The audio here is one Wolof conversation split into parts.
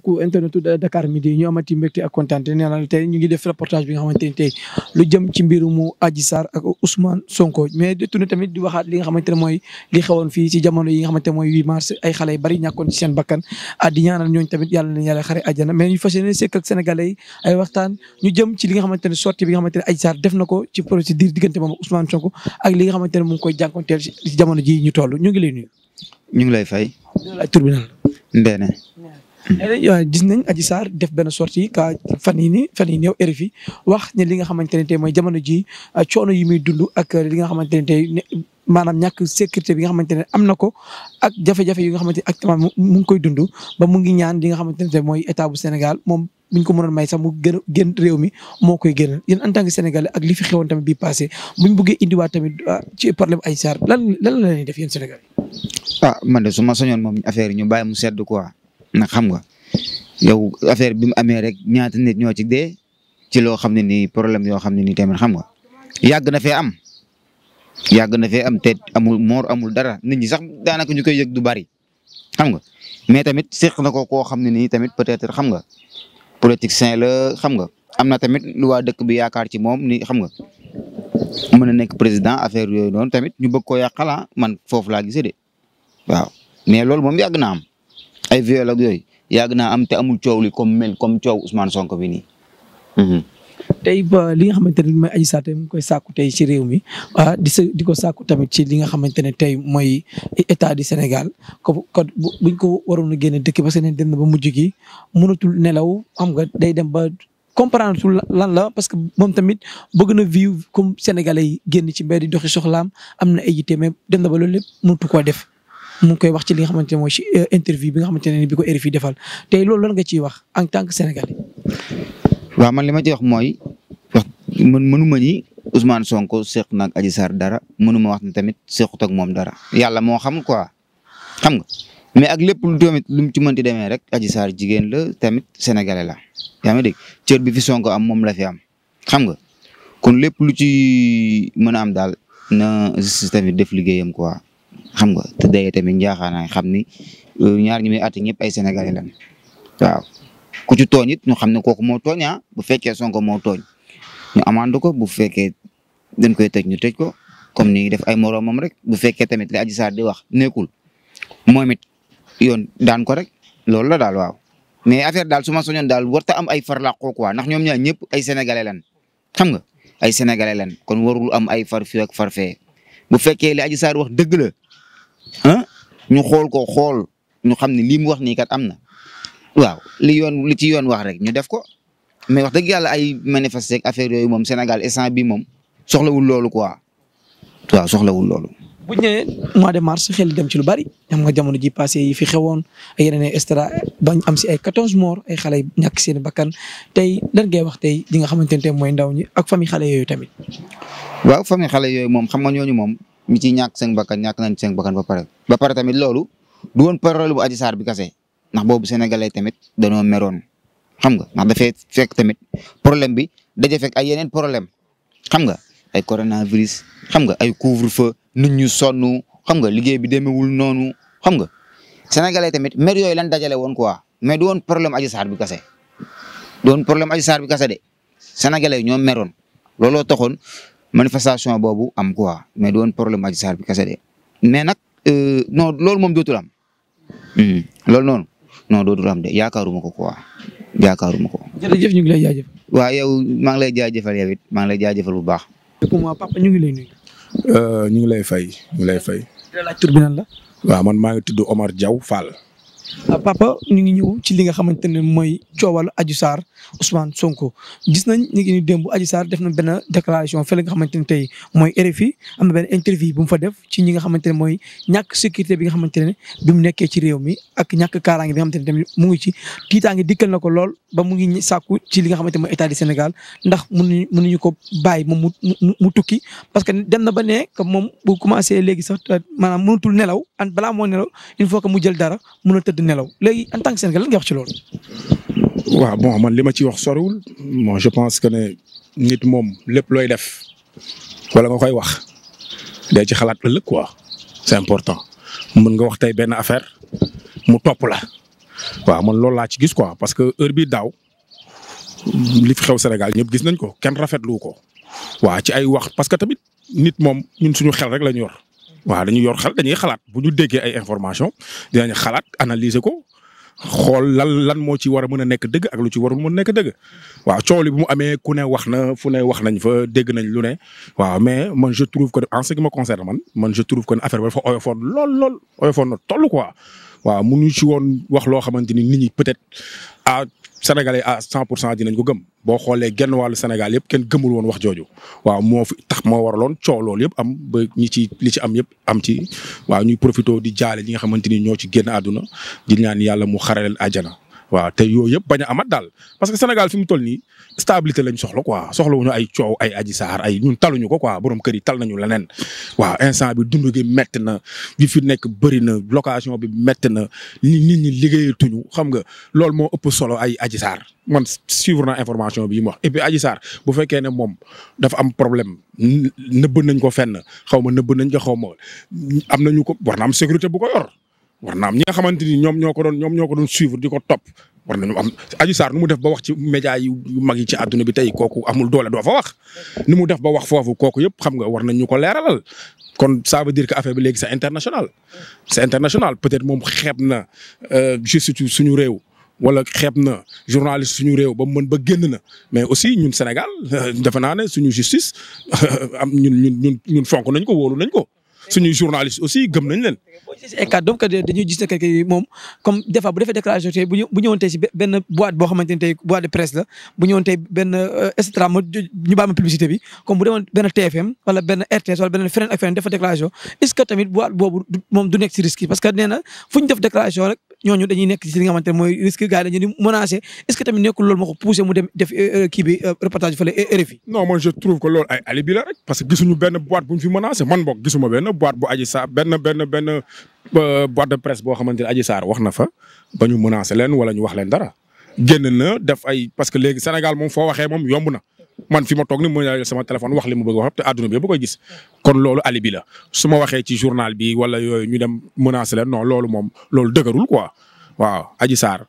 ku internetu Dakar Midi ñu amati mbégte ak kontaan te nee naa tey ñu ngi def reportage bi nga xamante ni tey lu jëm ci mbirumu Adji Sarr ak Ousmane Sonko mais di tourné tamit di waxaat li nga xamante ne mooy li xewoon fii ci jamono yi nga xamante ne mooy 8 mars ay xale yu bari ñàkkoon ci seen bakkan ah di ñaanal ñooñu tamit yàlla na yàlla xare àjjana mais ñu fas yéene sekk ak sénégalais yi ay waxtaan ñu jëm ci li nga xamante ne sortie bi nga xamante ne Adji Sarr def na ko ci procédure diggante moom Ousmane Sonko ak li nga xamante ne mu ngi koy jànkonteel ci jamono ji ñu toll ñu ngi lay nuyu ñu ngi lay fay Eh, gis nañ Adji Sarr def benn sortie ka fan yii nii fan yii néew RFI wax ne li nga xamante ne tey mooy jamono ji ah, coono yi muy dund ak li nga xamante ne tey maanaam ñàkk sécurité bi nga xamante ne am na ko ak jafe-jafe yi nga xamante ne actuellement mu ngi koy dund ba mu ngi ñaan li nga xamante ne te mooy état bu Sénégal moom buñ ko mënoon may sax mu gën a réew mi moo koy génn yéen en tant que sénégalais ak li fi xewoon tamit bi passé buñ bëggee indiwaat tamit ah, ci problème Adji Sarr lan lan la def yéen Sénégal. ah man su ma soñoon moom affaire ñu bàyyi mu nag xam nga yow affaire bi mu amee rek ñaata nit ñoo ci dee ci loo xam ne nii problème yoo xam ne nii tamit xam nga yàgg na fee am yàgg na fee am te amul moor amul dara nit ñi sax daanaka ñu koy yëg du bari xam nga mais tamit seq na ko koo xam ne nii tamit peut-être xam nga politicien la xam nga am na tamit lu waa dëkk bi yaakaar ci moom ni xam nga mën na nekk président affaire yooyu noonu tamit ñu bëgg koo yàqala ah, man foofu laa gisee de waaw mais loolu moom yàgg na am. ay viol ak yooyu yàgg naa am te amul coow li comme mel comme coow Ousmane Sonko bi nii. Mhm. tey ba li nga xamante ne mooy Adji Sarr tey mu ngi koy sàkku tey ci réew mi ah di sa di ko sàkku tamit ci li nga xamante ne tey mooy état di Sénégal ko ko waroon a génne dëkk parce que ne dem ba mujj gi mënatul nelaw xam nga day dem ba comprendre tul lan la parce que moom tamit bëgg na vivre comme sénégalais yi génn ci mbedd di doxi soxlaam am na ay yite mais dem ba loolu lépp mënatu koo def. mu ngi koy wax ci li nga xamante ne mooy ci euh, interview bi nga xamante ne bi ko RFI defal tey loolu lan nga ciy wax en tant que sénégalais. man li ma ci wax mooy wax man mënu ma ni Ousmane Sonko seq na ak Adji dara mënu ma wax ni tamit sequt ak moom dara yàlla moo xam quoi xam nga mais ak lépp lu tamit lu mu ci mënti demee rek Adji saar jigéen la tamit sénégalais la yaa ngi dégg cër bi fi Sonko am moom la fi am xam nga kon lépp lu ci mën a am daal na justice tamit def liggéeyam quoi. xam nga te dayee tamit njaaxaanaay xam ni euh, ñaar ñi muy àtte ñëpp ay sénégalais lañ waaw ku ci xam ne kooku moo tooñ ah, bu fekkee Sonko moo tooñ ñu amande ko bu fekkee dañ koy tëj ñu tëj ko comme ni def ay moroomam rek bu fekkee tamit li Adji Sarr di wax nekkul moom it yoon daan ko rek loolu la daal waaw mais affaire daal su ma soñoon daal warta am ay far quoi ndax ñoom ñaar ñëpp ay sénégalais lan xam nga ay sénégalais lan kon warul am ay far fee bu fekkee li Adji Sarr wax dëgg la a ñu xool ko xool ñu xam ne lii mu wax nii kat am na waaw li yoon li ci yoon wax rek ñu def ko mais wax dëgg yàlla ay manifester affaire yooyu moom Sénégal instant bi moom wul loolu quoi waaw soxlawul loolu. bu mois de mars xel dem ci lu bari xam nga jamono ji passé yi fi xewoon ay yeneen extra bañ am si ay quatorze morts ay xale ñàkk seen bakkan tey lan ngay wax tey li nga xamante ne mooy ndaw ñi ak famille xale yooyu tamit. waaw famille xale yooyu moom xam nga ñooñu moom mi ci ñàkk seen bakkan ñàkk nañ seen bakkan ba pare ba pare tamit loolu du woon parole bu Adji Sarr bi kase ndax boobu sénégalais tamit dañoo meroon xam nga ndax da fekk tamit problème bi daje fekk ay yeneen problème xam nga ay coronavirus xam nga ay couvre-feu nit ñu sonn xam nga liggéey bi demewul noonu xam nga sénégalais tamit mer yooyu lañ dajale woon quoi mais du woon problème Adji saar bi kase du woon problème Adji Sarr bi kase de sénégalais ñoo meroon looloo taxoon manifestation boobu am quoi mais du woon problème Adji Sarr bi kese de mais nag euh, non loolu moom dootul am hmm. loolu noonu non dootul am de yaakaaruma ko quoi yaakaaruma ko. jërëjëf ñu ngi lay jaajëfal. waaw yow maa ngi lay jaajëfal yow it maa ngi lay jaajëfal bu baax. comment papa ñu ngi lay nuyu. Euh, ñu ngi lay fay ñu ngi lay fay. la. waaw man maa ngi tudd Omar jaw Fall. Euh, papa ñu ngi ñëw ci li nga xamante ne mooy coowal Adji Sarr Ousmane Sonko gis nañ ñu ngi ñu démb Adji Sarr def na benn déclaration fële nga xamante ne tey mooy RFI am na benn interview bu mu fa def ci ñi nga xamante ne mooy ñàkk sécurité bi nga xamante ne bi mu nekkee ci réew mi ak ñàkk kaaraange bi nga xamante ne tamit mu ngi ci tiitaange dikkal na ko lool ba mu ngi sàkku ci li nga xamante ne mooy état du Sénégal ndax mënuñu mënuñu ko bàyyi moom mu mu tukki parce que dem na ba ne que moom bu commencé léegi sax maanaam mënatul nelaw an balaa moo nelaw que mu jël dara tëdd nelaw léegi en tant que Sénégalais lan nga wax ci loolu. waaw bon man li ma ci wax soriwul moo je pense que ne nit moom lépp looy def wala nga koy wax day ci xalaat ëllëg quoi c'est important mën nga wax tey benn affaire mu topp la waaw man loolu laa ci gis quoi parce que heure bii daaw li fi xew Sénégal ñëpp gis nañ ko kenn rafetlu ko waaw ci ay wax parce que tamit nit moom ñun suñu xel rek la ñu yor waaw dañuy yor xel dañuy xalaat bu ñu déggee ay information dinañ xalaat analyser ko xool lan lan moo ci war a mën a nekk dëgg ak lu ci warul mën a nekk dëgg waaw coow li mu amee ku ne wax na fu ne wax nañ fa dégg nañ lu ne waaw mais man je trouve que en ce qui me concerne man man je trouve que ne affaire fo dafa oyofoon lool lool oyofoon na toll quoi waaw mënuñu ci woon wax loo xamante ni nit ñi peut-être sénégalais à 100 pour cent dinañ ko gëm boo xoolee genn wàllu Sénégal yëpp kenn gëmul woon wax jooju waaw moo fi tax moo waraloon coow loolu yëpp am ba ñi ci li ci am yëpp am ci waaw ñuy profité di jaale ñi nga xamante ni ñoo ci génn àdduna di ñaan yàlla mu xaraleen àjjana waaw te yooyu yëpp bañ amat daal parce que Sénégal fi mu toll nii stabilité lañ soxla quoi soxla wuñu ay coow ay aji ay ñun taluñu ko quoi borom kër yi tal nañu leneen waaw instant bi dund gi métti na li fi nekk bëri na location bi métti na nit ñi liggéeyatuñu xam nga loolu moo ëpp solo ay aji saar man suivre information bi mu wax et puis saar bu fekkee ne moom dafa am problème nëbb nañ ko fenn xaw ma nëbb nañ ko xaw ma am nañu ko war na am sécurité bu ko yor. war na am ñi nga xamante ni ñoom ñoo ko doon ñoom ñoo ko doon suivre di ko top war nañu am Adji Sarr nu mu def ba wax ci média yu mag yi ci àdduna bi tey kooku amul doole doo fa wax ni mu def ba wax foofu kooku yëpp xam nga war nañ ñu ko leeralal kon ça veut dire que affaire bi léegi sa international c'est international peut-être moom xeeb na euh, justice suñu réew wala xeeb na journaliste suñu réew ba mën ba génn na mais aussi ñun Sénégal euh, defe naa ne suñu justice am ñun ñun ñun ñun fonk nañ ko wóolu nañ ko suñu journaliste aussi gëm nañ leen. boo gisee ay cadres donc euh, dañuy gis moom comme des fois bu defee déclaration tey bu ñu bu ñëwoon tey si benn boîte boo xamante ne tey boîte de presse la bu ñëwoon tey benn euh, et cetera ñu baal ma bi comme bu demoon benn TFM wala benn RTS wala benn feneen ak feneen def fa déclaration tamit boîte boobu moom du nekk si risque parce que nee na fu ñu def déclaration rek. ñooñu dañuy nekk ci li nga mooy risque gars yi dañu di menacer est ce que tamit nekkul loolu moo ko mu dem def euh, euh, kii euh, reportage fële RFI. non man je trouve que loolu ay rek parce que gisuñu benn boîte bu ñu fi menacé man boog gisuma benn boîte bu Adji Sarr benn benn benn boîte de presse boo xamante ne Adji Sarr wax na fa ba ñu menacé leen wala ñu wax leen dara génn na def ay parce que léegi Sénégal moom foo waxee moom yomb na man fi ma toog ni mu ngi sama téléphone wax li mu bëgg te àdduna bi yëpp gis. kon loolu alibi la su ma waxee ci journal bi wala yooyu ñu dem menacer la no loolu moom loolu dëgërul quoi waaw Adji Sarr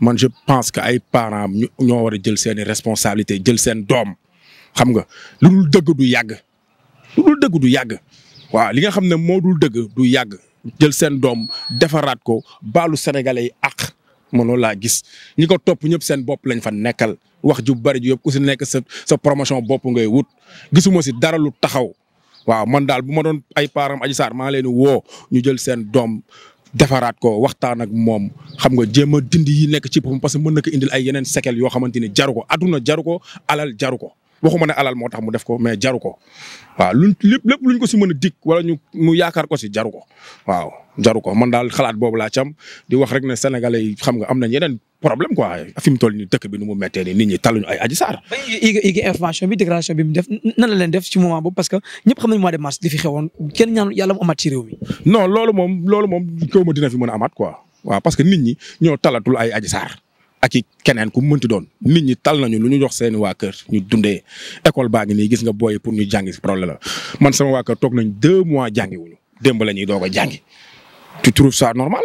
man je pense que ay parents ñu ñoo war a jël seeni i responsabilité jël seen doom xam nga lu dul dëgg du yàgg lu dul dëgg du yàgg waaw li nga xam ne moo dul dëgg du yàgg jël seen doom defaraat ko balu sénégalais yi àq man laa gis ñi ko topp ñëpp seen bopp lañ fa nekkal wax ju bari ju yëpp ku si nekk sa sa promotion bopp nga wut gisuma si dara lu taxaw waaw man daal bu ma doon ay param Adji saar maa leen woo ñu jël seen doom defaraat ko waxtaan ak moom xam nga jéem a dindi yi nekk ci boppam parce que mën na ko indil ay yeneen séquelles yoo xamante ni jaru ko adduna jaru ko alal jaru ko waxuma ne alal moo tax mu def ko mais jaru ko waaw luñ lépp lépp luñ ko si mën a dikk wala ñu mu yaakaar ko jaru ko waaw. jaru ko man daal xalaat boobu laa wax rek ne sénégalais yi nga am nañ yeneen problème quoi mu toll nii dëkk bi nu mu méttee nii ñi taluñu ay aji saar. léegi bi déclaration bi mu def nan la leen def ci que ñëpp xam fi xewoon kenn ñaanu yàlla mu amat ci réew loolu moom loolu moom kaw ma dina fi mën a amaat quoi waaw parce que nit ñi ñoo talatul ay aji saar ak i keneen ku mënti doon nit ñi tal nañu lu ñu jox seeni waa kër ñu dundee école baa ngi nii gis nga booy pour ñu jàngi si problème la man sama waa kër toog nañ deux mois jàngiwuñu démb la ñuy doog a jàngi tu trouves ça normal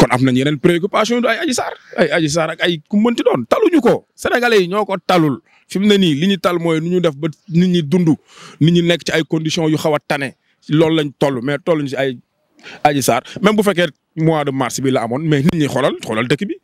kon am nañ yeneen préoccupation du ay Adji Sarr ay Adji Sarr ak ay ku mënti doon taluñu ko sénégalais yi ñoo ko talul fi mu ne nii li ñu tal mooy nu ñu def ba nit ñi dund nit ñi nekk ci ay conditions yu xaw a tane loolu lañ tol mais tolluñ ci ay Adji Sarr même bu fekkee mois de mars bi la amoon mais nit ñi xoolal xoolal dëkk bi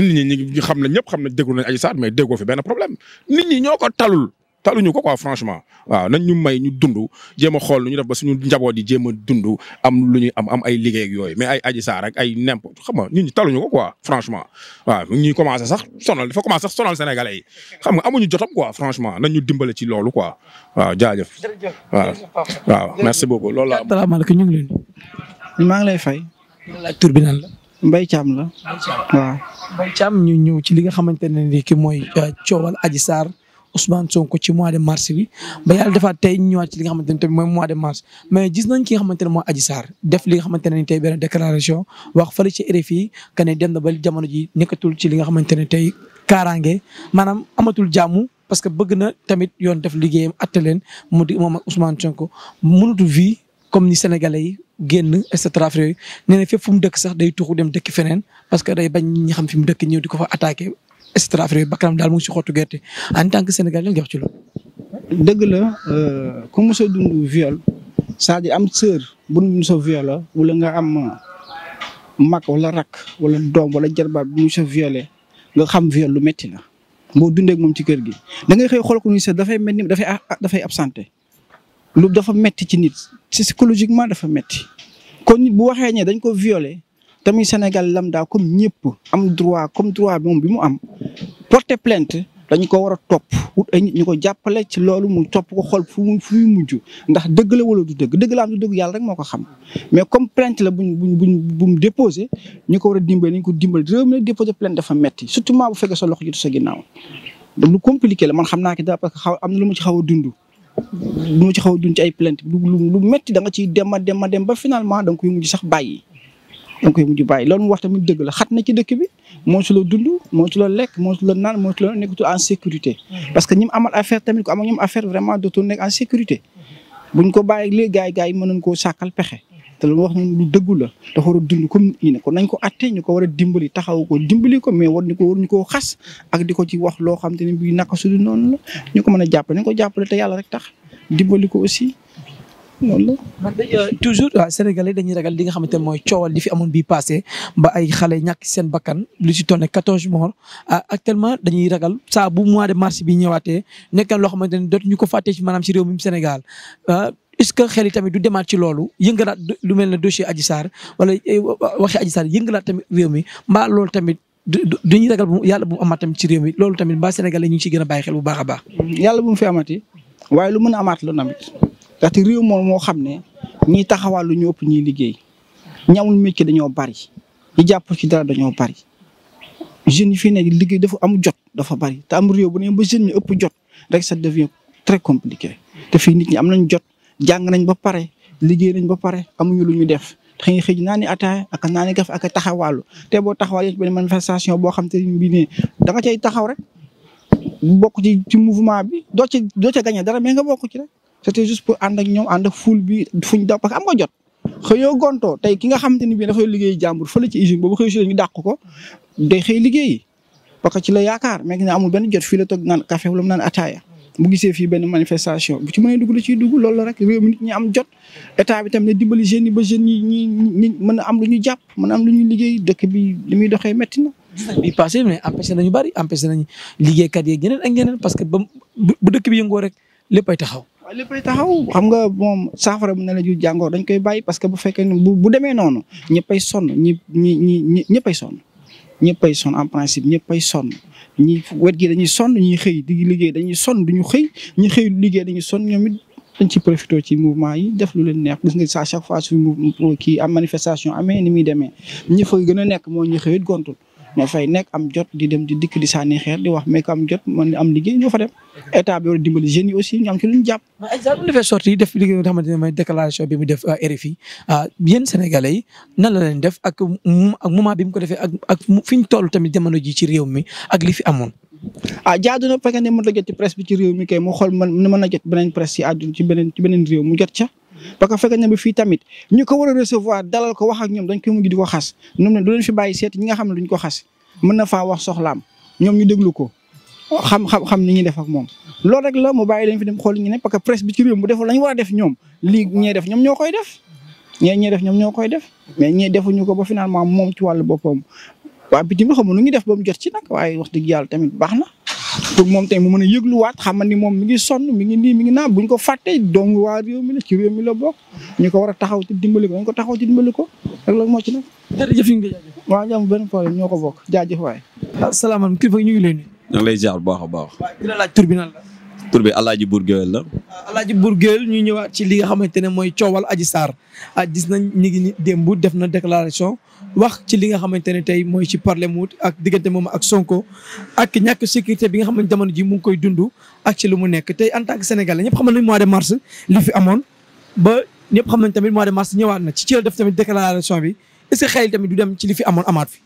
nit xam nañ ñëpp xam nañ déglu nañ Adji Sarr mais fi benn problème nit ñi ñoo ko talul. taluñu ko quoi franchement waaw nañ ñu may ñu dund jéem a xool lu ñu def ba suñu njaboot yi jéem a dund am lu ñuy am am ay liggéey ak yooyu mais ay aji saar ak ay nemp xam nga ñu ñi taluñu ko quoi franchement waaw ñuy commencé sax sonal dafa commencé sax sonal sénégalais yi xam nga ñu jotam quoi franchement na ñu dimbale ci loolu quoi waaw jaajëf waaw waaw merci beaucoup loolu la salaamaaleykum ñu ngi leen di maa ngi lay fay laaj tur bi nan la Mbaye Thiam la waaw Mbaye Thiam ñu ñëw ci li nga xamante ne ni ki mooy euh, coowal aji saar Ousmane Sonko ci mois de mars bi ba yàlla defaat tey ñu ñëwaat ci li nga xamante ne tamit mooy mois de mars mais gis nañ ki nga xamante ne mooy Adji Sarr def li nga xamante ne ni tey benn déclaration wax fële ba jamono ji nekkatul ci li nga xamante ne tey kaaraange maanaam amatul jàmm parce que bëgg na tamit yoon def liggéeyam atte leen mu di moom ak Ousmane Sonko mënatu vie comme ni sénégalais génn et cetera yooyu nee fu mu dëkk sax day tuxu dem dëkk feneen parce que day bañ ñi xam fi mu dëkk ñëw di ko fa attaqué et cetera affaire yooyu bakkanam daal mu ngi si xottu gerte en tant que sénégalais nga wax ci loolu. dëgg la euh, ku mos a dund viol saa à am sœur bu nu sa violé wala nga am mag wala rak wala doom wala jarbaat bu ñu sa nga xam viol lu metti na boo dundee moom ci kër gi da ngay xëy xool ko dafay mel ni dafay dafay absenté lu dafa metti ci nit psychologiquement dafa métti kon bu waxee ne dañ ko violé tamit Sénégal lambda comme ñëpp am droit comme droit moom bi mu am porter plainte dañ ko war a topp wut ay ñu ko jàppale ci loolu mu topp ko xool fu mu fu muy mujj ndax dëgg la wala dëgg dëgg la am du dëgg yàlla rek moo ko xam mais comme plainte la buñ ñu ko war a dimbale nañ ko dimbale réew mi nag déposé plainte dafa metti surtout bu fekkee sa loxo jiitu sa ginnaaw lu compliqué la man xam naa ki daal parce que xaw am lu mu ci xaw a dund lu mu ci xaw a dund ci ay plainte lu lu metti da nga ciy dem a dem a dem ba finalement da nga koy mujj sax bàyyi da nga koy mujj bàyyi loolu mu wax tamit dëgg la xat na ci dëkk bi moo ci la dund moo ci la lekk moo ci la naan moo ci la nekkatu en sécurité. Mm-hmm. en sécurité mm-hmm. buñ ko bàyyi léegi gars yi gars yi mën nañ koo sàkkal pexe. te lu wax noonu lu dëggu la dafa war a dund comme nii ko nañ ko atte ñu ko war dimbali taxaw ko dimbali ko mais war ñu ko war koo xas ak di ko ci wax loo xam te ne bii naka su du noonu ñu ko mën a jàppale nañ ko jàppale te yàlla rek tax dimbali ko aussi loolu la. Euh, toujours Sénégalais dañuy ragal li nga xamante ne mooy coowal li fi amoon bii passé ba ay xale ñàkk seen bakkan lu ci toll ne quatorze morts ah, actuellement dañuy ragal saa bu mois de mars bi ñëwaatee nekk loo xamante ne dootuñu ko fàttee ci maanaam si réew mi Sénégal. Ah, est-ce que xel tamit du demaat ci loolu yëngalaat lu mel ne dossier Adji wala eh, waxi Adji yëngalaat tamit réew mi mbaa loolu tamit du dañuy ragal bu yàlla bu mu amaat tamit ci réew mi loolu tamit mbaa Sénégalais ñu ngi gën a bàyyi xel bu baax a baax. yàlla bu mu fi amati waaye lu mën a amaat la tamit ndaxte réew moom moo xam ne ñiy taxawal lu ñu ëpp ñuy liggéey ñamul métier dañoo bari ñi jàpp ci dara dañoo bari jeunes yi fi nekk liggéey dafa am jot dafa bari te am réew bu ne ba jeunes ñi ëpp jot rek ça devient très compliqué te fii nit ñi am nañ jot jàng nañ ba pare liggéey nañ ba pare amuñu lu ñu def. xëy na xëy na naa ne ataaya ak naa ne gaf a taxawaalu te boo taxawaalee benn manifestation boo xam te ne bii nii da nga taxaw rek bokk ci ci mouvement bi doo ci doo ca gagné dara mais nga bokk ci rek. c'était juste pour ànd ak ñoom ànd ak ful bi fuñ daw parce am nga jot xëyoo gontoo tey ki nga xamante ni bii dafay liggéey jàmbur fële ci usine boobu xëy si ñu dàq ko day xëy ci la yaakaar mais benn jot fii la toog naan café wala mu naan ataaya bu gisee fii benn manifestation bu ci mënee dugg la ciy dugg loolu la rek réew mi nit ñi am jot état bi tam ne dimbali jeunes ba jeunes yi a am lu ñu jàpp mën am lu ñuy liggéey dëkk bi li muy doxee métti na bi passé mais empêché nañu bari empêché nañu liggéeykat yeeg ñeneen ak ñeneen parce que ba bu dëkk bi yëngoo rek léppay taxaw waaw léppay taxaw xam nga moom saafara bu ne la ju jàngoor dañ koy bàyyi parce que bu fekkee ne bu bu demee noonu ñëppay sonn ñi ñi ñi ñëppay sonn ñëppay sonn en principe ñëppay sonn ñi wet gi dañuy sonn ñuy xëy di liggéey dañuy sonn duñu xëy ñu xëy liggéey dañuy sonn ñoom it dañ ci profité ci mouvement yi def lu leen neex gis nga sa chaque fois su kii am manifestation amee ni muy demee ñi fa gën a nekk moo ñu xëyit gontul ñoo fay nekk am jot di dem di dikk di sànni xeer di wax mais am jot mën am liggéey ñoo fa dem état bi war a dimbali jeunes aussi ñu am ci lu ñu jàpp. mais exemple bu defee sorti def li nga xamante ne bi mu def euh, RFI euh, yéen sénégalais yi nan la leen def ak ak bi mu ko defee ak ak fi ñu toll tamit jamono ji ci réew mi ak li fi amoon. ah jaadu na bu fekkee ne mën na jot ci presse bi ci réew mi kay mu xool mën mën na jot beneen presse ci àdduna ci beneen ci beneen mu jot ca. parce que fekk na bi fii tamit ñu ko war a recevoir dalal ko wax ak ñoom dañ ko mujj di ko xas ñoom ne du leen fi bàyyi seet ñi nga xam ne duñ ko ñu déglu ko xam xam xam ni ñuy def ak moom loolu rek la mu bàyyi leen fi dem xool ñu ne parce que presse bi ci réew mu deful la ñu war a def ñoom ñee def ñoom ñoo koy def ñee ñee def ñoom ñoo koy def mais ñee defuñu ko ba finalement moom ci wàllu boppam waa bitim xam nu def ba mu jot ci nag waaye wax dëgg yàlla tamit baax na pour moom tey mu mën a yëgluwaat xam ni moom mi ngi sonn mi ngi nii mi ngi naa buñ ko fàttee doomu waa réew mi la ci réew mi bokk ñu ko war a taxaw ci dimbali ko dañ ko taxaw ci dimbali ko rek la moo ci nekk. jërëjëf yi nga jaajëf. waaw jàmm benn problème ñoo ko bokk jaajëf waay. asalaamaaleykum kilifa ñu ngi lay leen ñu ngi lay ziar bu baax a baax. waaw ki la bi nan la. tur bi Alaaji Buur Géwél la. Ah, Alaaji Buur Géwél ñu ñëwaat ci li nga xamante ne mooy coowal aji saar ah gis nañ ñu ngi démb def na déclaration wax ci li nga xamante ne tey mooy ci problème mu ak diggante moom ak Sonko ak ñàkk sécurité bi nga xam ne jamono ji mu ngi koy dund ak ci lu mu nekk tey en tant que sénégalais ñëpp xam nañ mois de mars li fi amoon ba ñëpp xam nañ tamit mois de mars ñëwaat na ci ci la def tamit déclaration bi est-ce que xel tamit du dem ci li fi amoon amaat fi.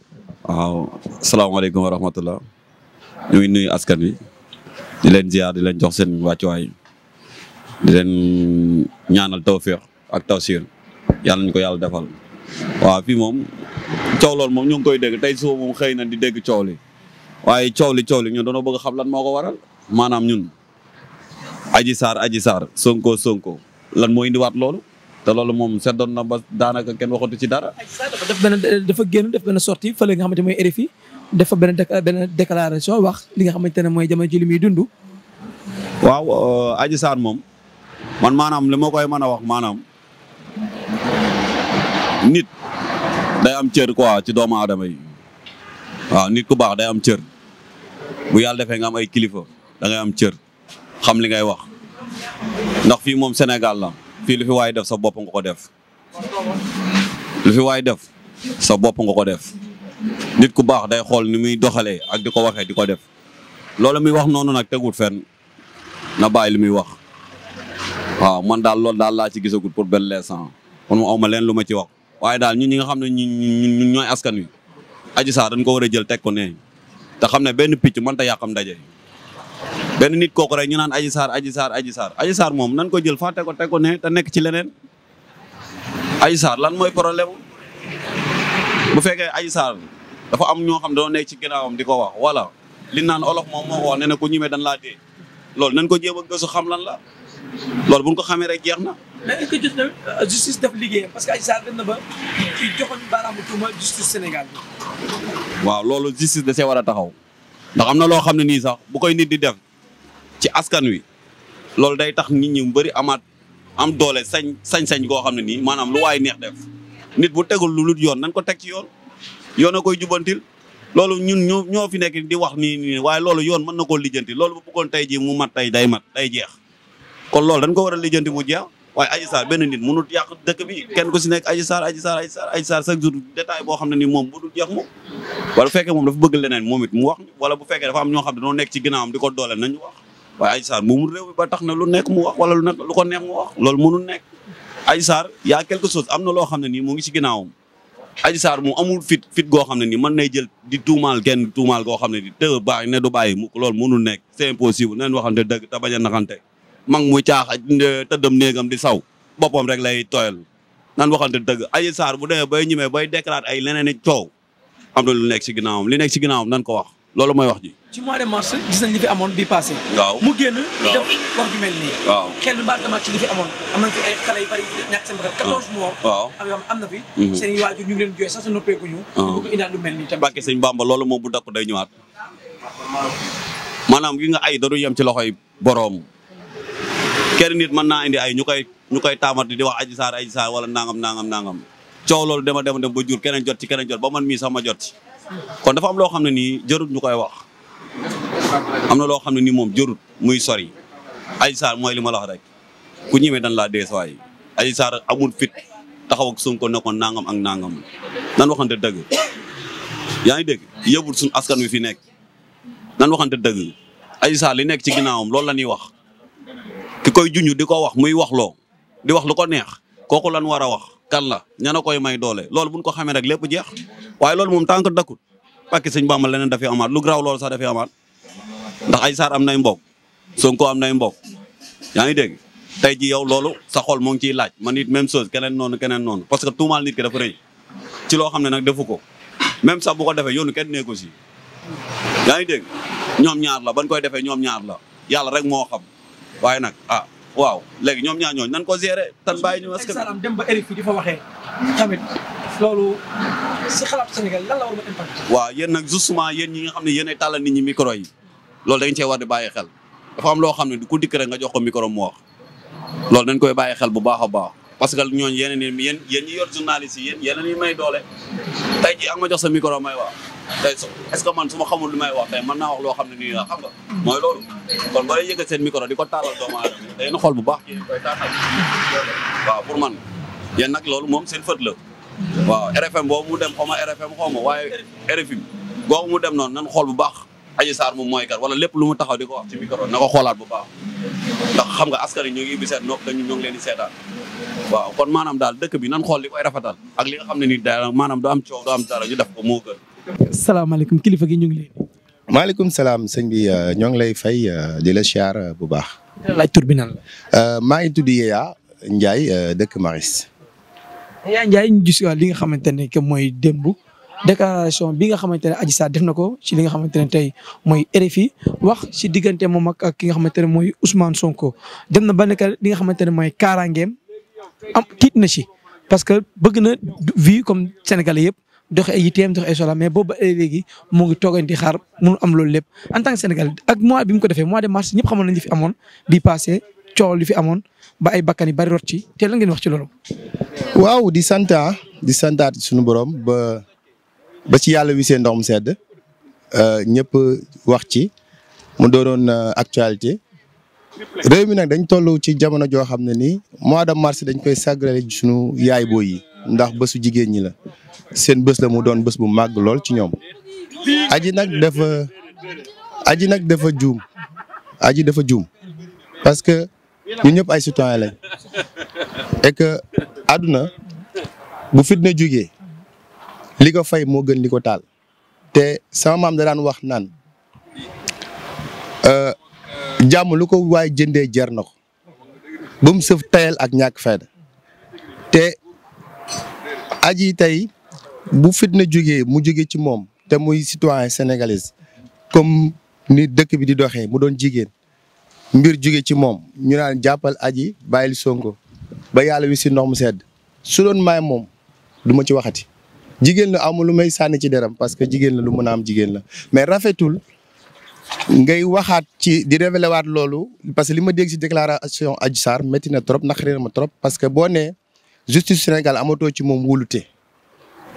waaw salaamaaleykum wa nuyu askan wi. di leen ziar di leen jox seen wàccuwaay di leen ñaanal tawféex ak tawsiir yàlla ñu ko yàlla defal waaw fii moom coow loolu moom ñu ngi koy dégg tey suba moom xëy na di dégg coow li waaye coow li coow li ñun dañoo bëgg xam lan moo ko waral maanaam ñun aji saar aji saar sonko sonko lan moo indiwaat loolu te loolu moom seddoon na ba daanaka kenn waxatu ci dara. dafa def benn dafa génn def benn sortie fële nga xamante mooy RFI dafa benn benn déclaration wax li nga xamante ne mooy jamono ji li muy dund. waaw euh, Adji Sarr moom man maanaam li ma koy mën a wax maanaam nit day am cër quoi ci doomu aadama yi waaw nit ku baax day am cër bu yàlla defee nga am ay kilifa da am cër xam li ngay wax ndax fii moom Sénégal la fii lu fi waay def sa bopp nga ko def lu fi waay def sa bopp nga ko def. nit ku baax day xool ni muy doxalee ak di ko waxee di ko def loolu muy wax noonu nag tegut fenn na bàyyi lu muy wax waaw man daal lool daal laa ci gisagut pour benn l'instant kon mu aw ma leen lu ma ci wax waaye daal ñun ñi nga xam ne ñun ñooy askan wi aji sax dañ ko war a jël teg ko ne te xam ne benn picc ta yàqam ndaje benn nit kooku rek ñu naan aji saar aji saar aji saar aji saar moom nan ko jël fàtte ko teg ko ne te nekk ci leneen aji saar lan mooy problème bu fekkee Adji saal dafa am ñoo xam dañoo nekk ci ginnaawam di ko wax wala li naan olof moom moo ko wax ne na ko ñimee dan laa dee loolu nañ ko jéem a gëstu xam lan la loolu bu ñu ko xamee rek jeex na. mais est euh, def liggéeyam parce que Adji Sarr dem ba ci joxoñ baaraamu tuuma justice Sénégal waaw loolu justice da see war a taxaw ndax am na loo xam ne nii sax bu koy nit di def ci askan wi loolu day tax nit ñi mu bëri amaat am doole sañ sañ-sañ goo xam ne nii maanaam lu waay neex def. nit bu tegul lu lut yoon nañ ko teg ci yoon yoon a koy jubantil loolu ñun ñoo ñoo fi nekk di wax nii nii waaye loolu yoon mën na koo lijjanti loolu bu bëggoon tey jii mu mat tey day mat day jeex kon loolu dañ ko war a lijjanti mu jeex waaye Adji Sarr benn nit mënut yàq dëkk bi kenn ku si nekk Adji Sarr Adji Sarr Adji Sarr Adji Sarr chaque boo xam ne ni moom bu dul jeex moom wala bu fekkee moom dafa bëgg leneen moom it mu wax wala bu fekkee dafa am ñoo xam ne dañoo nekk ci ginnaawam di ko doole nañu wax waaye Adji Sarr moomul réew bi ba tax na lu nekk mu wax wala lu nekk lu ko neex mu nekk Adji Sarr y'a quelque chose am na loo xam ne nii mu ngi ci ginnaawam Adji Sarr mu amul fit fit goo xam ne nii mën nay jël di tuumaal kenn tuumaal goo xam ne nii te bàyyi ne du bàyyi mu loolu mënul nekk c'est impossible nañ waxante dëgg te bañ a naxante mag muy caax tëddam néegam di saw boppam rek lay tooyal nan waxante dëgg Adji Sarr bu demee bay ñemee bay déclaré ay leneen i coow am na lu nekk ci ginnaawam li nekk ci ginnaawam nan ko wax loolu mooy wax ji. ci mois de mars gis nañ li fi amoon bi passé. waaw mu génn. waaw def wax ju mel ci li fi amoon. am nañ fi ay xale yu bari na fi. Mhm. seen i ñu leen jooy sax sa noppeeku ah. ñu. bu ko indaat lu mel nii tamit. bàkke sëñ Bamba loolu moom bu dakk day ñëwaat. maanaam gi nga ay da du yem ci loxoy boroom. kenn nit mën naa indi ay ñu koy ñu koy taamat di di wax aji saar aji saar wala nangam nangam nangam coow loolu dema dem dem ba jur keneen jot ci keneen jot ba man mii sax ma jot ci kon dafa am loo xam ne nii jërut koy wax am na loo xam ne nii moom jërut muy sori ay Sarr mooy li ma la rek ku ñëwee dañ laa dee sawaay Adji Sarr amul fit taxaw ak Sonko nekkoon nangam ak nangam nan waxante dëgg yaa ngi dégg yëbul suñu askan wi fi nekk nan waxante dëgg ay Sarr li nekk ci ginnaawam loolu la ñuy wax ki koy junj di ko wax muy wax loo di wax lu ko neex kooku lan war a wax kan la ñana koy may doole loolu buñ ko xamee rek lépp jeex waaye loolu moom tant que dakkut pàkki sëñ Bamba leneen dafay amaat lu graw loolu sax dafay amaat ndax ay saar am nay mbokk Sonko am na mbokk yaa ngi dégg tey ji yow loolu sa xol moo ngi ciy laaj man it même chose keneen noonu keneen noonu parce que tuumaal nit ki dafa rëy ci loo xam ne nag defu ko même sax bu ko defee yoonu kenn négocie yaa ngi dégg ñoom ñaar la ban koy defee ñoom ñaar la yàlla rek moo xam waaye nag a ah, waaw léegi ñoom ñaar ñooñu nan ko gérer tan bàyyi ñu parce que dem ba Eric fi di waxee tamit loolu si xalaatu Sénégal lan la war a impact. waaw yéen nag justement yéen ñi nga xam ne yéen tàllal nit ñi mikro yi loolu dañ cee war di bàyyi xel dafa am loo xam ne ku dikk rek nga jox ko micro mu wax loolu dañ koy bàyyi xel bu baax a baax parce que ñooñu yéen ni yéen yéen ñi yor journaliste yi yéen yéen ñi may doole tey jii ak ma jox sa micro may wax tey est-ce que man su ma xamul li may wax tey man naa wax loo xam ne nii xam nga mooy loolu kon boo lay yëgal seen micro di ko taalal doomu aadama day na xool bu baax yéen koy taatal waaw pour man yéen nag loolu moom seen fët la waaw RFM boobu mu dem xaw ma RFM xaw waaye RFM boobu mu dem noonu nan xool bu baax Adji saar moom mooy wala lépp lu mu taxaw di ko wax ci micro na ko xoolaat bu baax ndax xam nga askan yi ñoo seen nopp dañu ñoo ngi waaw kon maanaam daal dëkk bi nan xool li koy rafetal ak li xam ne nii daal maanaam du am coow du am dara ñu def ko moo gën. salaamaaleykum kilifa gi ñu ngi leen. maaleykum salaam sëñ bi euh, ñoo ngi lay fay euh, di la siyaar euh, bu baax. laaj tur bi maa ngi tudd Yaya Ndiaye dëkk Maris. yaa njaay ñu li nga xamante ne que mooy démb déclaration bi nga xamante ne Adji Sarr def na ko si li nga xamante ne tey mooy RFI wax si diggante moom ak ki nga xamante ne mooy Ousmane Sonko dem na ba nekk li nga xamante ne mooy kaaraangeem am tiit na si parce que bëgg na vie comme Sénégalais yëpp doxe ay yitteem doxe ay soxla mais boobu ba léegi mu ngi toogan di xaar mënu am loolu lépp en tant que Sénégalais ak mois bi mu ko defee mois de mars ñëpp xamoon nañu fi amoon di passé coow li fi amoon ba ay bakkan yi bari rot ci te la ngeen wax ci loolu. waaw di sant di santaat suñu boroom ba ba ci yàlla wi seen ndox mu sedd euh, ñëpp wax ci mu doonoon euh, actualité. réew mi nag dañ toll ci jamono joo xam ne nii mois de mars dañ koy sàggale suñu yaay booy yi ndax bésu jigéen ñi la seen bës la mu doon bës bu màgg lool ci ñoom. aji nag dafa aji nag dafa juum aji dafa juum parce que ñun ñëpp ay citoyen lañ et que àdduna bu fitna jógee li ko fay moo gën li ko taal te sama maam da daan wax naan euh, jàmm lu ko waay jëndee jar na ko bu mu sëf tayal ak ñak fayda te aji tey bu na jógee mu jóge ci moom te muy citoyen sénégalais comme ni dëkk bi di doxee mu doon jigéen mbir jóge ci moom ñu naan jàppal aji bàyyil sonko ba yàlla wi si ndox mu sedd su maay moom du ma ci waxati jigéen la amul lu may sànni ci deram parce que jigéen la lu mën a am jigéen la mais rafetul ngay waxaat ci di révélé loolu parce que li ma dégg si déclaration Adji Sarr métti na trop naqari na ma trop parce que boo nee justice Sénégal amatoo ci moom wóolute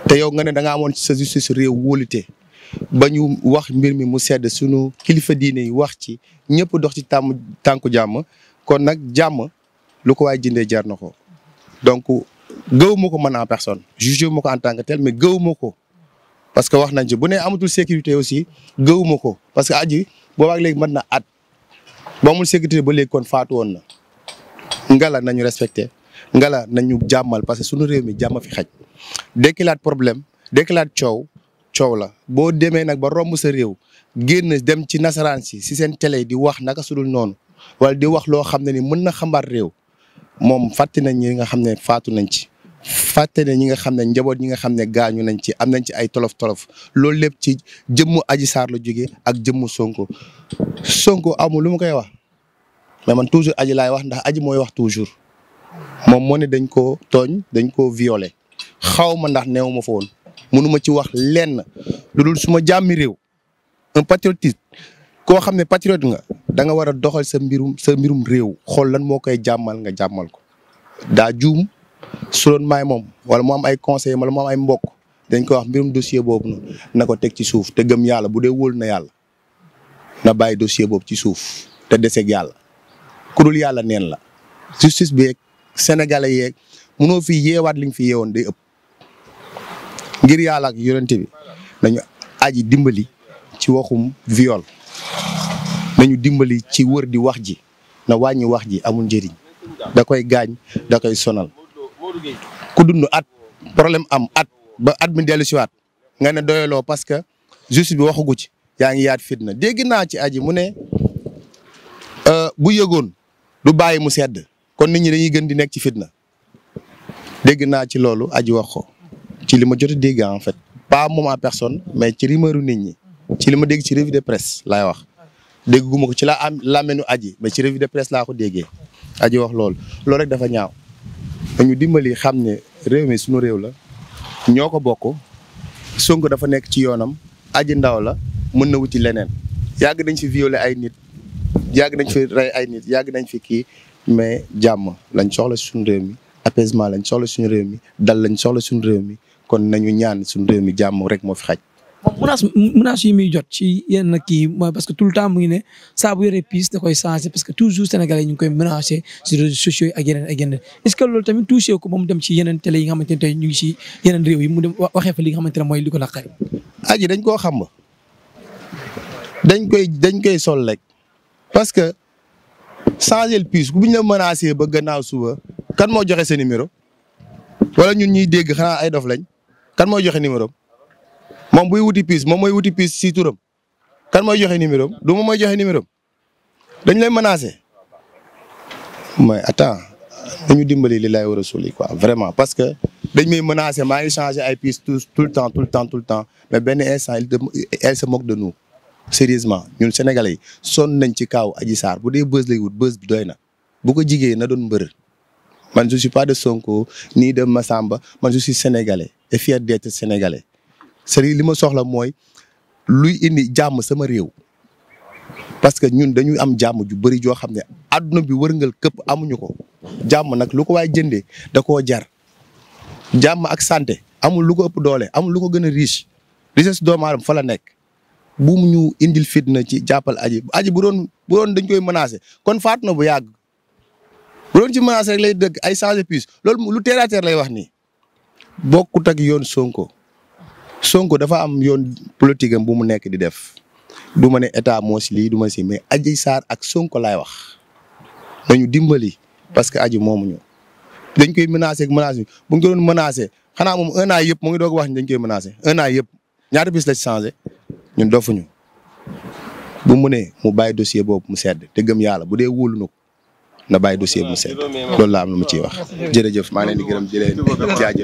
te yow nga ne da nga amoon sa justice réew wóolute ba ñu wax mbir mi mu sedd sunu kilifa diine wax ci ñëpp dox ci tàmm tànku jàmm kon nag jàmm lu ko waay jëndee jar na ko donc gëwuma ko man en personne jugé ma ko en tant que tel mais ko parce que wax nañ ci bu ne amatul sécurité aussi gëwuma ko parce que aji boobaag léegi mën na at ba amul sécurité ba léegi kon faatu woon na ngala nañu respecté ngala nañu jàmmal parce que sunu réew mi jàmm fi xaj dékkilaat problème dékkilaat coow coow la boo demee nag ba romb sa réew génn dem ci nasaraan si si seen télé di wax naka sudul noonu wala di wax loo xam ne ni mën na xambaat réew moom fàtte nañ ñi nga xam ne faatu nañ ci fàtte ne ñi nga xam ne njaboot ñi nga xam ne gaañu nañ ci am nañ ci ay tolof tolof loolu lépp ci jëmmu Adji Sarr la jógee ak jëmmu Sonko Sonko amul lu mu koy wax mais man toujours Adji laay wax ndax Adji mooy wax toujours moom moo ne dañ koo tooñ dañ koo violé xaw ma ndax neew ma fa mënuma ci wax lenn lu dul suma jàmmi réew un patriote koo xam ne patriote nga danga nga war a doxal sa mbirum sa mbirum réew xool lan moo koy jàmmal nga jàmmal ko daa juum solon doon maay moom wala mu am ay conseil wala mu ay mbokk dañ ko wax mbirum dossier boobu na ko teg ci suuf te gëm yàlla bu dee wóolu na yàlla na bàyyi dossier boobu ci suuf te deseeg yàlla ku dul yàlla neen la justice bi yeeg sénégalais yeeg mënoo fi yeewaat li nga fi yeewoon day ëpp ngir yàlla ak yonente bi nañu aji dimbali ci waxum viol nañu dimbali ci wër di wax ji na wàññi wax ji amul njëriñ da koy gaañ da koy sonal ku dund at problème am at ba at mi dellu nga ne doyaloo parce que justice bi waxagu ci yaa ngi yaat fitna dégg naa ci aji mu ne euh, bu yëgoon du bàyyi mu sedd kon nit ñi dañuy gën di nekk ci fitna dégg naa ci loolu aji wax ko ci li ma jot a dégg en fait pas moom à personne mais ci rumeur nit ñi ci li ma dégg ci revue de presse laay wax dégg gu ko ci la am làmmeenu aji mais ci revue de presse laa ko déggee aji wax loolu loolu rek dafa ñaaw dañu dimbali xam ne réew mi suñu réew la ñoo ko bokk Sonko dafa nekk ci yoonam aji ndaw la mën na wuti leneen yàgg nañ fi violer ay nit yàgg nañ fi rey ay nit yàgg nañ fi kii mais jàmm lañ soxla suñu réew mi apaisement lañ soxla suñu réew mi dal lañ soxla suñu réew mi kon nañu ñaan suñu réew mi jàmm rek moo fi xaj. menace menace yi jot ci yenn kii mooy parce que tout le temps mu ngi ne saa bu yoree piis da koy changé parce koy menacé sur réseaux sociaux yi ce que loolu tamit touché ko ba mu dem ci yeneen télé yi nga xamante ne tey ñu ngi si yeneen réew yi mu dem waxee fa li nga dañ koo xam dañ koy dañ koy sol rek parce que changé piis bu ñu la menacé ba gannaaw suba kan moo joxe sa numéro wala ñun ñuy dégg xanaa ay dof lañ. kan mooy joxe numéro moom buy wuti piis moom mooy wuti piis si turam kan mooy joxe numéro du moom mooy joxe numéro dañ lay menacer mais attends nañu dimbali li laay war a suuli quoi vraiment parce que dañ may menacer maa ngi changé ay piis tout tout le temps tout le temps tout le temps mais benn instant elle se de nous sérieusement ñun sénégalais yi sonn nañ ci kaaw Adji Sarr bu de bës lay wut bës bi doy na bu ko jigéen na doon mbër man je suis pas de Sonko ni de Massamba man je suis sénégalais et fier d'être sénégalais cest à li ma soxla mooy luy indi jàmm sama réew. parce que ñun dañuy am jàmm ju bari joo xam ne àdduna bi wërngal këpp amuñu ko jàmm nag lu ko waay jëndee da koo jar jàmm ak sante amul lu ko ëpp doole am lu ko gën a riche richesse doomu aadama fa la nekk. bu mu ñu indil fitna ci jàppal aji aji bu doon bu dañ koy menacé kon faat na bu yàgg bu doon ci menace rek lay dëgg ay changé pis loolu lu terre à terre lay wax nii bokkut ak yoon Sonko Sonko dafa am yoon politique am bu mu nekk di def du ma ne état moo si lii du ma si mais Adji Sarr ak Sonko laay wax nañu dimbali parce que aji moomuñu dañ koy menacé ak menace bi bu ñu ko doon menacé xanaa moom un an yëpp mu ngi doog wax dañ koy menacé un yëpp ñaata bis la ci changé ñun dofuñu bu mu ne mu bàyyi dossier boobu mu sedd te gëm yàlla bu dee wóolu na ko na bàyyi dossier mu sedd loolu laa am lu mu ciy wax jërëjëf maa ngi leen di gërëm di leen jaajëf